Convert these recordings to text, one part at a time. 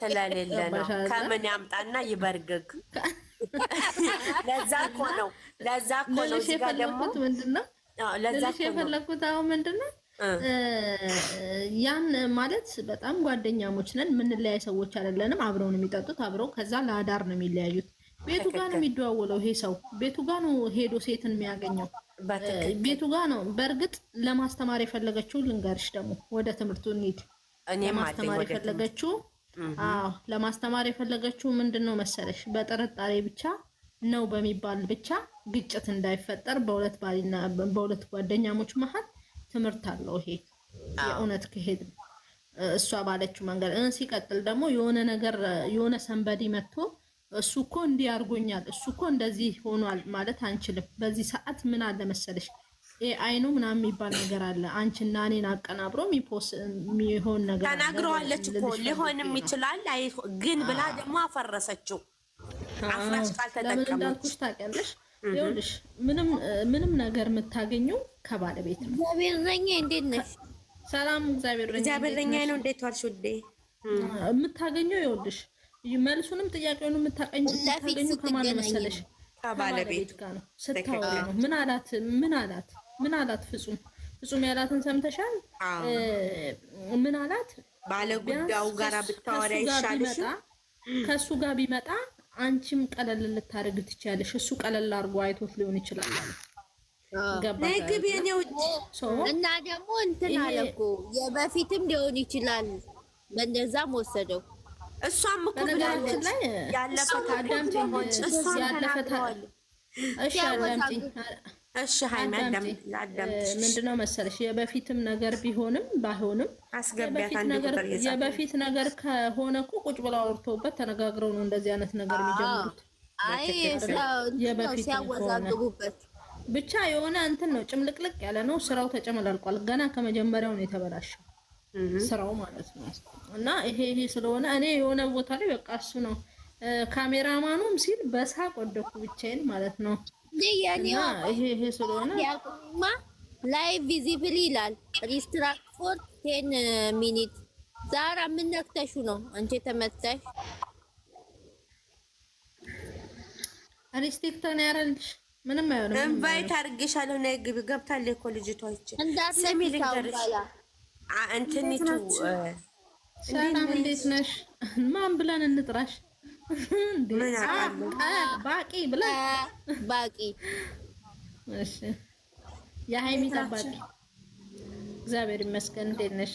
ስለሌለ ነው። ከምን ያምጣና ይበርግግ። ለዛ እኮ ነው ለዛ እኮ ነው። እዚህ ጋር ደግሞ ምንድን ነው ልልሽ የፈለግኩት አሁን ምንድን ነው ያን ማለት በጣም ጓደኛሞች ነን፣ ምንለያይ ሰዎች አይደለንም። አብረው ነው የሚጠጡት፣ አብረው ከዛ ለአዳር ነው የሚለያዩት። ቤቱ ጋር ነው የሚደዋወለው ይሄ ሰው፣ ቤቱ ጋር ነው ሄዶ ሴትን የሚያገኘው፣ ቤቱ ጋር ነው። በእርግጥ ለማስተማር የፈለገችው ልንገርሽ ደግሞ ወደ ትምህርቱ እንሂድ ለማስተማር የፈለገችው አዎ ለማስተማር የፈለገችው ምንድን ነው መሰለሽ በጥርጣሬ ብቻ ነው በሚባል ብቻ ግጭት እንዳይፈጠር በሁለት ባልና በሁለት ጓደኛሞች መሀል ትምህርት አለው ይሄ የእውነት ከሄድ እሷ ባለችው መንገድ ሲቀጥል ደግሞ የሆነ ነገር የሆነ ሰንበዲ መጥቶ እሱ እኮ እንዲህ አድርጎኛል እሱ እኮ እንደዚህ ሆኗል ማለት አንችልም በዚህ ሰዓት ምን አለ መሰለሽ አይኑ ነው ምናምን የሚባል ነገር አለ። አንቺና እኔን አቀናብሮ ሚፖስ የሚሆን ነገር ተናግረዋለች እኮ ሊሆንም ይችላል ግን ብላ ደግሞ አፈረሰችው። አፍራሽ ቃል ለምን እንዳልኩሽ ታውቂያለሽ? ይኸውልሽ ምንም ነገር የምታገኘው ከባለቤት ነው። እግዚአብሔር ዘኛ እንዴት ነሽ? ሰላም እግዚአብሔር እግዚአብሔር ዘኛ ነው። እንዴት ዋልሽ ውዴ? የምታገኘው ይኸውልሽ፣ መልሱንም ጥያቄውንም የምታገኘው ከማን መሰለሽ? ከባለቤት ጋር ነው። ስታወራ ነው። ምን አላት ምን አላት ምን አላት? ፍጹም ፍጹም ያላትን ሰምተሻል? ምን አላት? ባለ ጉዳዩ ጋር ይሻልሽ። ከሱ ጋር ቢመጣ አንቺም ቀለል ልታደርግ ትችያለሽ። እሱ ቀለል አድርጎ አይቶት ሊሆን ይችላል አለ። የኔ ውጭ እና ደግሞ እንትን አለ እኮ የበፊትም ሊሆን ይችላል። በእንደዛም ወሰደው። እሷም እኮ ብላለች ያለፈ ታሪክ ያለፈ ታሪክ እሺ፣ አዳምጪኝ እሺ ሃይሚ ምንድነው መሰለሽ የበፊትም ነገር ቢሆንም ባይሆንም የበፊት ነገር ከሆነ እኮ ቁጭ ብለው አውርተውበት ተነጋግረው ነው እንደዚህ አይነት ነገር የሚጀምሩት። የበፊት ብቻ የሆነ እንትን ነው፣ ጭምልቅልቅ ያለ ነው ስራው ተጨመላልቋል። ገና ከመጀመሪያው ነው የተበላሸው ስራው ማለት ነው። እና ይሄ ይሄ ስለሆነ እኔ የሆነ ቦታ ላይ በቃ እሱ ነው ካሜራማኑም ሲል በሳቅ ወደኩ ብቻዬን ማለት ነው ይሄ ስለሆነ ላይ ቪዚብል ይላል ሪስትራክት ፎር ቴን ሚኒት ዛራ ምን ነክተሹ ነው አንቺ ተመተሽ? ሪስትሪክት ነው ያረልሽ። ምንም አይሆንም። ኢንቫይት አድርጌሻለሁ። ነይ ግቢ። ገብታል እኮ ልጅቷ ይቺ ልንገርሽ እንትኒቱ ሰላም እንዴት ነሽ? ማን ብለን እንጥራሽ? ባቂ ብለህ ባቂ የሀይሚ ባቂ። እግዚአብሔር ይመስገን። እንዴት ነሽ?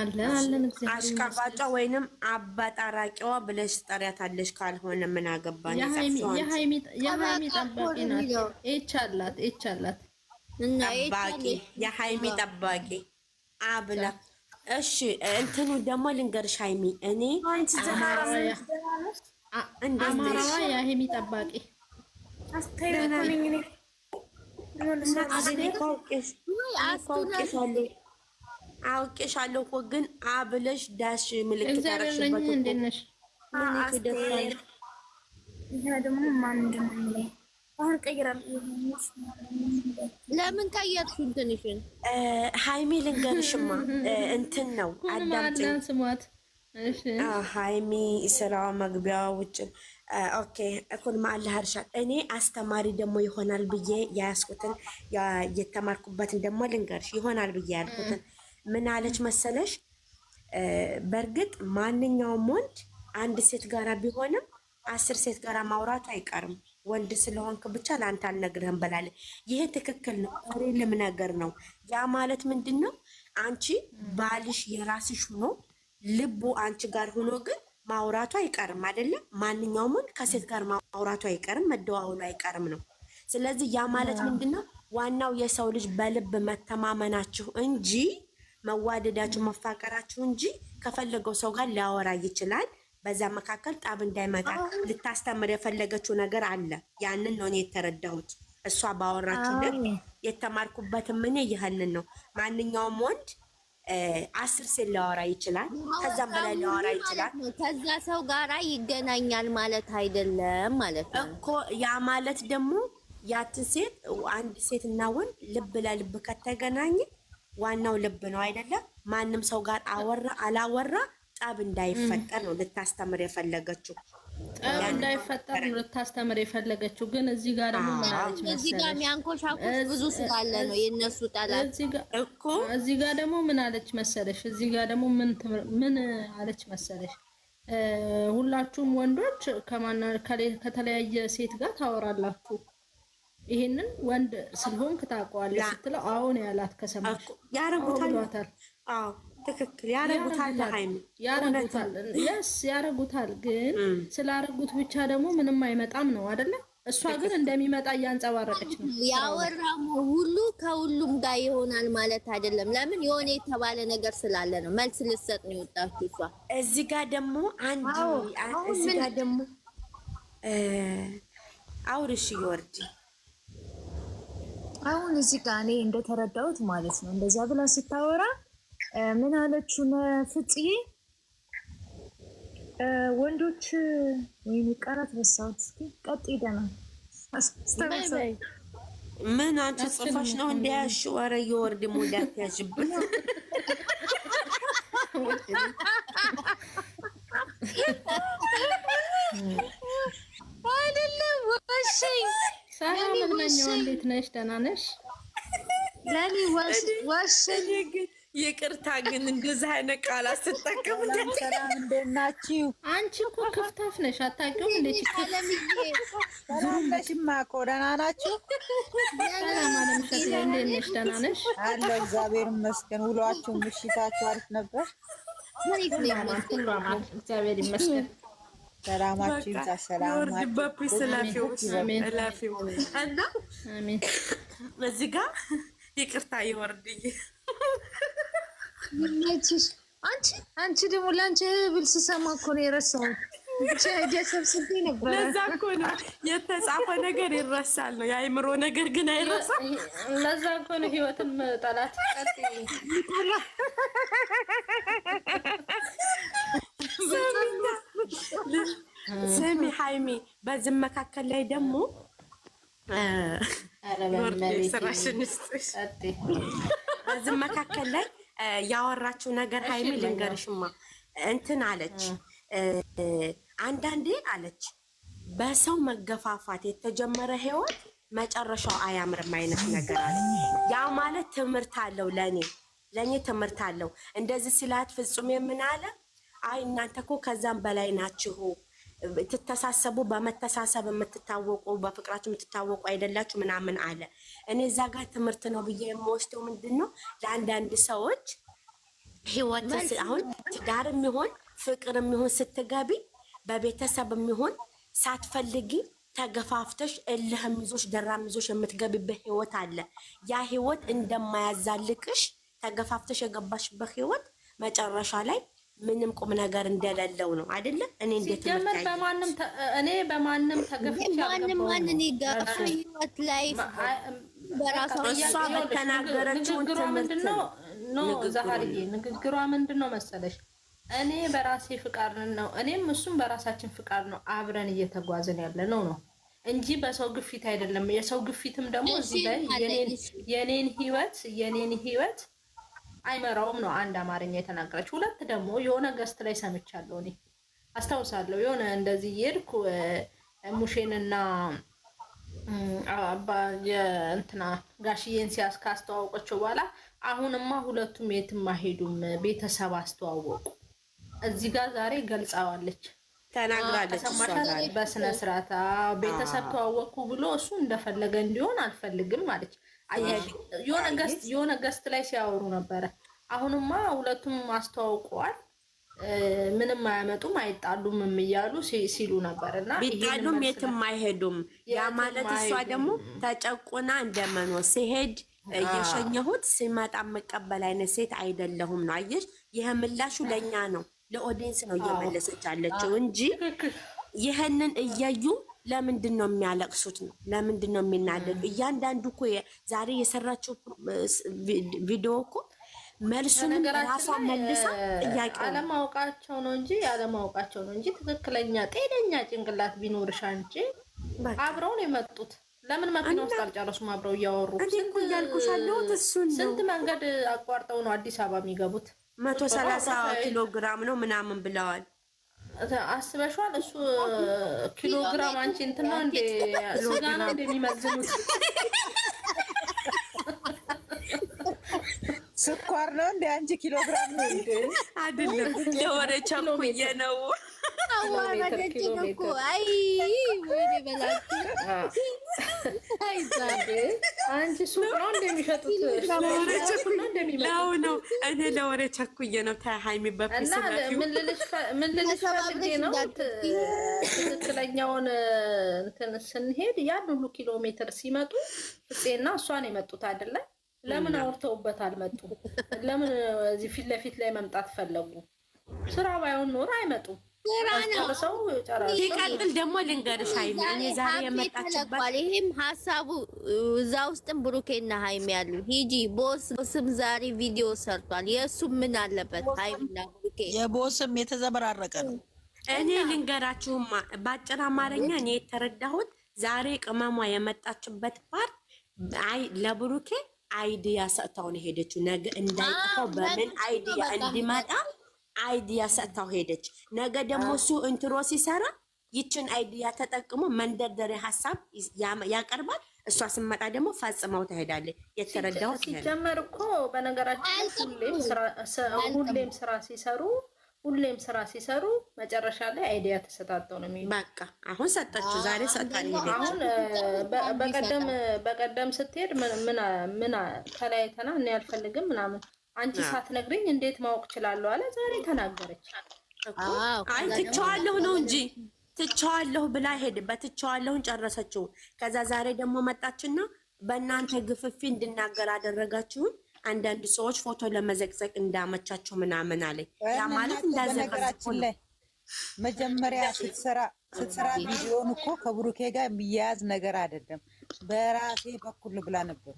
አለን አለን። አሽቃባጫ ወይንም አባጣራቂዋ ብለሽ ጠሪያታለሽ። ካልሆነ ምን አገባን? የሀይሚ ጠባቂ ናት። ይቻላት ይቻላት እና የሀይሚ ጠባቂ አብላ እሺ እንትኑ ደግሞ ልንገርሽ ሃይሚ፣ እኔ አማራዋ የሃይሚ ጠባቂ አውቄሻለሁ እኮ ግን አብለሽ ዳሽ ምልክት አረግሽበት። ባህር ቀይራል። ለምን ቀየርሽን? ትንሽን ሃይሚ ልንገርሽማ እንትን ነው አዳምጪኝ። ስሟት ሃይሚ ስራ መግቢያ ውጭ ኦኬ እኩል ማአላህ ሀርሻል እኔ አስተማሪ ደግሞ ይሆናል ብዬ ያያስኩትን የተማርኩበትን ደግሞ ልንገርሽ ይሆናል ብዬ ያልኩትን ምን አለች መሰለሽ? በእርግጥ ማንኛውም ወንድ አንድ ሴት ጋራ ቢሆንም አስር ሴት ጋራ ማውራቱ አይቀርም። ወንድ ስለሆንክ ብቻ ለአንተ አልነግርህም ብላለች። ይሄ ትክክል ነው፣ ሬልም ነገር ነው። ያ ማለት ምንድን ነው? አንቺ ባልሽ የራስሽ ሆኖ ልቡ አንቺ ጋር ሆኖ ግን ማውራቱ አይቀርም አይደለም። ማንኛውም ከሴት ጋር ማውራቱ አይቀርም፣ መደዋወሉ አይቀርም ነው። ስለዚህ ያ ማለት ምንድን ነው? ዋናው የሰው ልጅ በልብ መተማመናችሁ እንጂ መዋደዳችሁ መፋቀራችሁ እንጂ ከፈለገው ሰው ጋር ሊያወራ ይችላል። በዛ መካከል ጣብ እንዳይመጣ ልታስተምር የፈለገችው ነገር አለ። ያንን ነው እኔ የተረዳሁት። እሷ ባወራችሁ የተማርኩበትም እኔ ይህንን ነው። ማንኛውም ወንድ አስር ሴት ሊያወራ ይችላል፣ ከዛም በላይ ሊያወራ ይችላል። ከዛ ሰው ጋራ ይገናኛል ማለት አይደለም ማለት ነው እኮ። ያ ማለት ደግሞ ያትን ሴት አንድ ሴት እና ወንድ ልብ ለልብ ከተገናኘ ዋናው ልብ ነው አይደለም። ማንም ሰው ጋር አወራ አላወራ ጠብ እንዳይፈጠር ነው ልታስተምር የፈለገችው። ጠብ እንዳይፈጠር ነው ልታስተምር የፈለገችው። ግን እዚህ ጋር ደግሞ ማለች እዚህ ጋር የሚያንኮሻኩት ብዙ ስላለ ነው የእነሱ ጠላት እኮ። እዚህ ጋር ደግሞ ምን አለች መሰለሽ? እዚህ ጋር ደግሞ ምን አለች መሰለሽ? ሁላችሁም ወንዶች ከተለያየ ሴት ጋር ታወራላችሁ ይሄንን ወንድ ስለሆንክ ታውቀዋለህ ስትለው አሁን ያላት ከሰማሽ ያረጉታል። አዎ ትክክል ያረጉታል፣ ሀይሚ ያረጉታል፣ የስ ያረጉታል። ግን ስላረጉት ብቻ ደግሞ ምንም አይመጣም ነው አደለ? እሷ ግን እንደሚመጣ እያንጸባረቀች ነው። ያወራሙ ሁሉ ከሁሉም ጋር ይሆናል ማለት አይደለም። ለምን የሆነ የተባለ ነገር ስላለ ነው። መልስ ልሰጥ ነው የወጣችሁ። እሷ እዚህ ጋር ደግሞ አንድ እዚህ ጋር ደግሞ አውርሽ ይወርድ አሁን እዚህ ጋር እኔ እንደተረዳሁት ማለት ነው እንደዛ ብላ ስታወራ ምን አለችው ፍጽዬ ወንዶች ወይም ቃላት ረሳሁት። እስኪ ቀጥ ይደናል ምን አንቺ ጽፈሽ ነው እንዲያሽ ወረ የወርድ ሙዳ ያዥብን አይደለም ወሸይ ሳራ ምን ነሽ? ደህና ነሽ? ለኔ ወሸኝ ይቅርታ ግን እንደዚህ አይነት ቃላት ስትጠቀም ሰላም እንደናችሁ። አንቺ እኮ ክፍታፍ ነሽ፣ አታውቂውም። እንዴት ለሽማ እኮ ደህና ናችሁ? ሰላም አለምሸት፣ እንዴት ነሽ? ደህና ነሽ? አለሁ እግዚአብሔር ይመስገን። ውሏችሁ ምሽታችሁ አሪፍ ነበር? እግዚአብሔር ይመስገን። ሰላማችሁ ይብዛ። ሰላማችሁ እና እዚህ ጋር ይቅርታ ይወርድዬ አንቺ አንቺ ደግሞ ለአንቺ ብል ስሰማ እኮ ነው የረሳሁት። ሰብስቤ ነበረ። ለዛ እኮ ነው የተጻፈ ነገር ይረሳል ነው የአእምሮ ነገር ግን አይረሳም። ለዛ እኮ ነው ህይወትን ጠላት ስሚ ሀይሚ፣ በዚህ መካከል ላይ ደግሞ በዚህ መካከል ላይ ያወራችው ነገር ሀይሚ ልንገርሽማ እንትን አለች። አንዳንዴ አለች በሰው መገፋፋት የተጀመረ ህይወት መጨረሻው አያምርም አይነት ነገር አለ። ያ ማለት ትምህርት አለው ለእኔ ለእኔ ትምህርት አለው። እንደዚህ ሲላት ፍጹም የምን አለ አይ እናንተ እኮ ከዛም በላይ ናችሁ ትተሳሰቡ በመተሳሰብ የምትታወቁ በፍቅራችሁ የምትታወቁ አይደላችሁ ምናምን አለ። እኔ እዛ ጋር ትምህርት ነው ብዬ የምወስደው ምንድን ነው ለአንዳንድ ሰዎች ህይወት አሁን ትዳር የሚሆን ፍቅር የሚሆን ስትገቢ በቤተሰብ የሚሆን ሳትፈልጊ ተገፋፍተሽ እልህም ይዞሽ ደራም ይዞሽ የምትገቢበት ህይወት አለ። ያ ህይወት እንደማያዛልቅሽ ተገፋፍተሽ የገባሽበት ህይወት መጨረሻ ላይ ምንም ቁም ነገር እንደሌለው ነው አይደለ? እኔ እንዴት ጀምር በማንም እኔ በማንም ተገፍቼ ማንም ህይወት ላይ በራሷ በተናገረችው ምንድን ነው ንግግሯ ምንድን ነው መሰለሽ? እኔ በራሴ ፍቃድ ነው እኔም እሱም በራሳችን ፍቃድ ነው አብረን እየተጓዝን ያለ ነው ነው እንጂ በሰው ግፊት አይደለም። የሰው ግፊትም ደግሞ እዚህ ላይ የኔን ህይወት የኔን ህይወት አይመራውም ነው አንድ አማርኛ የተናገረች። ሁለት ደግሞ የሆነ ገስት ላይ ሰምቻለሁ እኔ አስታውሳለሁ። የሆነ እንደዚህ የሄድኩ ሙሼንና የእንትና ጋሽዬን ሲያስ ካስተዋወቀቸው በኋላ አሁንማ ሁለቱም የትም አይሄዱም፣ ቤተሰብ አስተዋወቁ። እዚህ ጋር ዛሬ ገልጻዋለች። ተናግራለች። በስነ ስርዓት ቤተሰብ ተዋወቅኩ ብሎ እሱ እንደፈለገ እንዲሆን አልፈልግም ማለች። የሆነ ገስት ላይ ሲያወሩ ነበረ። አሁንማ ሁለቱም አስተዋውቀዋል። ምንም አያመጡም፣ አይጣሉም እያሉ ሲሉ ነበር እና ቢጣሉም የትም አይሄዱም። ያ ማለት እሷ ደግሞ ተጨቁና እንደመኖ ሲሄድ እየሸኘሁት ሲመጣ መቀበል አይነት ሴት አይደለሁም ነው። አየሽ፣ ይህ ምላሹ ለእኛ ነው። ለኦዲየንስ ነው እየመለሰች አለችው እንጂ ይህንን እያዩ ለምንድን ነው የሚያለቅሱት? ነው ለምንድን ነው የሚናደዱ? እያንዳንዱ እኮ ዛሬ የሰራችው ቪዲዮ እኮ መልሱንም ራሷ መልሳ ጥያቄ አለማወቃቸው ነው እንጂ አለማወቃቸው ነው እንጂ ትክክለኛ ጤነኛ ጭንቅላት ቢኖርሻ እንጂ አብረው ነው የመጡት። ለምን መኪና ውስጥ አልጨረሱም? አብረው እያወሩ ስንት መንገድ አቋርጠው ነው አዲስ አበባ የሚገቡት። መቶ ሰላሳ ኪሎ ግራም ነው ምናምን ብለዋል። አስበሽዋል? እሱ ኪሎ ግራም አንቺ እንትና እንደ ስጋ ነው እንደሚመዝኑት ስኳር ነው እንደ አንቺ ኪሎ ግራም ነው አይደለም። ለወረ ቸኩዬ ነው ኪሎ ሜትር አይ ወይ በላ አንቺ ሱቅ ነው እንደሚሸጡት ለው ነው። እኔ ለወሬ ቸኩዬ ነው። ታይ ሀይሚ በፊት ነው። ትክክለኛውን እንትን ስንሄድ ያን ሁሉ ኪሎ ሜትር ሲመጡ ፍፄና እሷን የመጡት አይደለ? ለምን አውርተውበት አልመጡ? ለምን እዚህ ፊት ለፊት ላይ መምጣት ፈለጉ? ስራ ባይሆን ኖር አይመጡም። ሲቀጥል ደግሞ ልንገርሽ ሀይሚ እኔ ዛሬ የመጣችበት ይህም ሀሳቡ እዛ ውስጥም ብሩኬና ሀይሚ ያሉ ሂጂ ቦስም ዛሬ ቪዲዮ ሰርቷል። የእሱ ምን አለበት ሀይሚና ብሩኬ የቦስም የተዘበራረቀ ነው። እኔ ልንገራችሁማ በአጭር አማርኛ እኔ የተረዳሁት ዛሬ ቅመሟ የመጣችበት ፓርት ለብሩኬ አይዲያ ሰጥታውን የሄደችው ነገ እንዳይጠፋው በምን አይዲያ እንዲመጣ አይዲያ ሰጥታው ሄደች። ነገ ደግሞ እሱ እንትሮ ሲሰራ ይችን አይዲያ ተጠቅሞ መንደርደሪያ ሀሳብ ያቀርባል። እሷ ስመጣ ደግሞ ፈጽመው ትሄዳለች። የተረዳው ሲጀመር እኮ በነገራችን ሁሌም ስራ ሲሰሩ ሁሌም ስራ ሲሰሩ መጨረሻ ላይ አይዲያ ተሰጣጠው ነው የሚሄዱ። በቃ አሁን ሰጠችው፣ ዛሬ ሰጣ። አሁን በቀደም በቀደም ስትሄድ ምን ምን ተለያይተና እኔ አልፈልግም ምናምን አንቺ ሳትነግሪኝ እንዴት ማወቅ እችላለሁ አለ። ዛሬ ተናገረች። አይ ትቼዋለሁ ነው እንጂ ትቼዋለሁ ብላ ሄድ በትቼዋለሁን ጨረሰችው። ከዛ ዛሬ ደግሞ መጣችና በእናንተ ግፍፊ እንድናገር አደረጋችሁን። አንዳንድ ሰዎች ፎቶ ለመዘቅዘቅ እንዳመቻቸው ምናምን አለኝ። ያ ማለት እንዳዘቀዘቁ መጀመሪያ ስትሰራ ስትሰራ ቪዲዮን እኮ ከብሩኬ ጋር የሚያያዝ ነገር አይደለም። በራሴ በኩል ብላ ነበር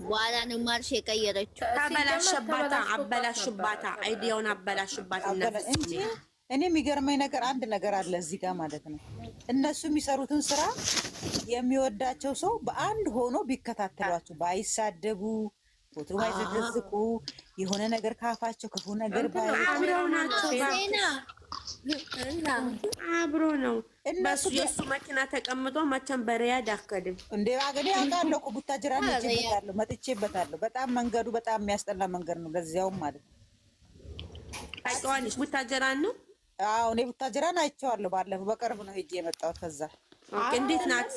በኋላ ነው ማርሽ የቀየረችው። ተበላሸባታ፣ አበላሽባታ፣ አይዲያውን አበላሽባት። እኔ የሚገርመኝ ነገር አንድ ነገር አለ እዚህ ጋር ማለት ነው። እነሱ የሚሰሩትን ስራ የሚወዳቸው ሰው በአንድ ሆኖ ቢከታተሏቸው ባይሳደቡ ወይ አይዘገዝቁ የሆነ ነገር ካፋቸው ክፉ ነገር አብረው ናቸው። አብሮ ነው እነሱ የእሱ መኪና ተቀምጦ መቼም በሪያድ አከድም እንደ አገዴ አውቃለሁ እኮ ቡታጅራ መጥቼበታለሁ መጥቼበታለሁ። በጣም መንገዱ በጣም የሚያስጠላ መንገድ ነው። ለዚያውም ማለት ነው ታውቂዋለሽ፣ ቡታጅራን ነው። አዎ እኔ ቡታጅራን አይቼዋለሁ። ባለፈው በቅርብ ነው ሄጄ የመጣሁት ከዛ። እንዴት ናት?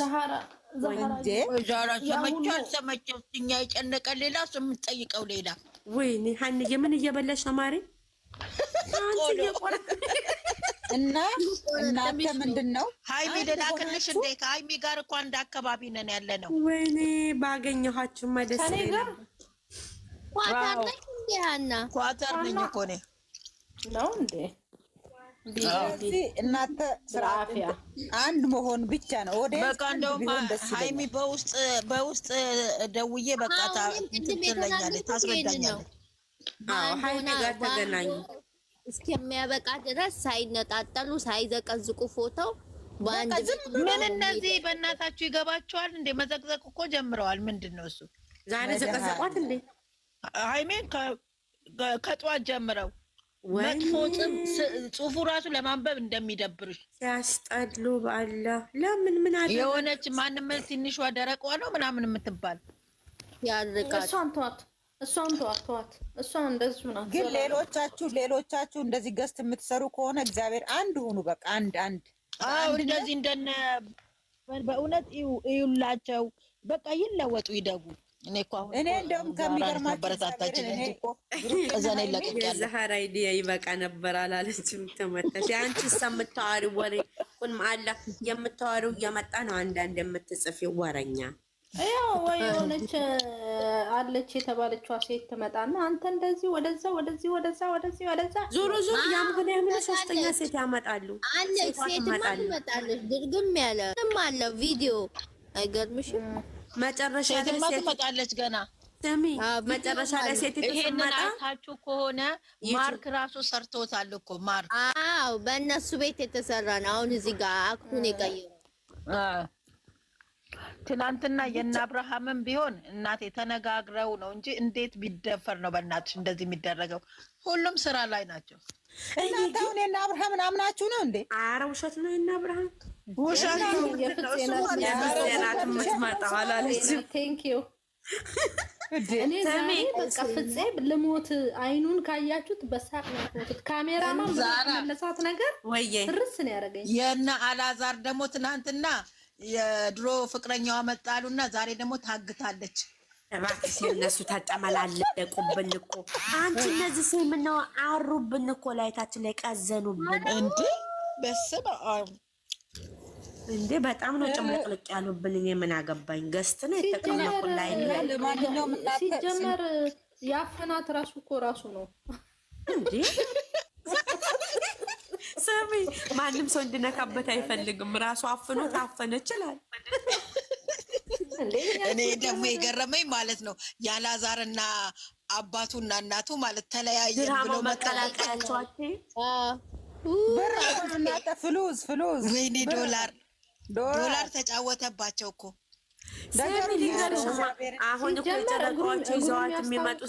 ዛሃራ የጨነቀ ሌላ እሱ የምንጠይቀው ሌላ። ወይኔ ሀንዬ ምን እየበላሽ ነው እና እናንተ ምንድን ነው ሀይሚ እንዴ? ከሀይሚ ጋር እኮ አንድ አካባቢ ነን ያለ ነው። ወይኔ ባገኘኋችሁ መደስ ነኝ እኮ እኔ ነው እንዴ እናተ ስርዓት አንድ መሆን ብቻ ነው። ወደ በቃ እንደውም ሀይሚ በውስጥ በውስጥ ደውዬ በቃ ትለኛለች፣ ታስረዳኛለች። ሀይሚ ጋር ተገናኙ እስከሚያበቃ ድረስ ሳይነጣጠሉ ሳይዘቀዝቁ ፎቶው ምን እነዚህ በእናታችሁ ይገባቸዋል እንዴ? መዘቅዘቅ እኮ ጀምረዋል። ምንድን ነው እሱ ዛሬ ዘቀዘቋት እንዴ ሀይሜን ከጠዋት ጀምረው መጥፎ ጽሁፉ ራሱ ለማንበብ እንደሚደብርሽ ሲያስጠሉ ባላ ለምን ምን አለ የሆነች ማንም ትንሿ ደረቋ ነው ምናምን የምትባል ያዝቃል። እሷን ተዋት፣ እሷን ተዋት፣ ተዋት። እሷን እንደዚህ ምናምን ግን ሌሎቻችሁ ሌሎቻችሁ እንደዚህ ገዝት የምትሰሩ ከሆነ እግዚአብሔር አንድ ሁኑ። በቃ አንድ አንድ። አዎ እንደዚህ እንደነ በእውነት ይውላቸው። በቃ ይለወጡ፣ ይደጉ እኔ እኮ አሁን እኔ እንደውም ከሚገርማችሁ ለቀቅ ያለ አይዲያ ይበቃ ነበር አላለችም። ተመታሽ። አንቺ የምታወሪው ወሬ ቁን የምታወሪው እየመጣ ነው። አንዳንድ የምትጽፊው ወረኛ ያው ወይ የሆነች አለች የተባለችዋ ሴት ትመጣና አንተ እንደዚህ ወደዛ ወደዚህ ወደዛ ወደዚህ ወደዛ ዞሮ ዞሮ ያም ሆነ ሶስተኛ ሴት ያመጣሉ። ድርግም ያለ ምንም አለ ቪዲዮ አይገርምሽም? መጨረሻ ትመጣለች ገና ስሚ መጨረሻ ላይ ሴት ከሆነ ማርክ ራሱ ሰርቶታል እኮ ማርክ። አዎ በእነሱ ቤት የተሰራ ነው። አሁን እዚህ ጋር አክቱን ትናንትና የእነ አብርሃምም ቢሆን እናቴ ተነጋግረው ነው እንጂ እንዴት ቢደፈር ነው በእናትሽ እንደዚህ የሚደረገው? ሁሉም ስራ ላይ ናቸው። እናንተ አሁን የእነ አብርሃምን አምናችሁ ነው እንዴ? ኧረ ውሸት ነው የእነ አብርሃም ውሻናት ልሞት አይኑን ካያችሁት በሳቅ ነው የሞቱት። ካሜራማን መለሳት ነገር ርስ ነው ያደረገኝ። የእነ አላዛር ደግሞ ትናንትና የድሮ ፍቅረኛዋ መጣሉና ዛሬ ደግሞ ታግታለች። እባክሽ እነሱ ተጨመላለቁብን እኮ አንቺ፣ እነዚህ ሴምናዋ አሩብን እኮ ላይታችን ላይ ቀዘኑብን እንዴ በስበ እንዴ በጣም ነው ጭምልቅልቅ ያሉብን። እኔ ምን አገባኝ? ገስት ነው የተቀመቁ ላይ ሲጀመር ያፈናት ራሱ እኮ ራሱ ነው እንዴ። ስሚ፣ ማንም ሰው እንድነካበት አይፈልግም። ራሱ አፍኖ ታፈነ ይችላል። እኔ ደግሞ የገረመኝ ማለት ነው ያላዛርና እና እናቱ ማለት ተለያየ ብሎ መቀላቀያቸዋቸው ብር እናጠ ፍሉዝ ፍሉዝ ወይኔ ዶላር ዶላር ተጫወተባቸው እኮ አሁን እኮ የሚመጡ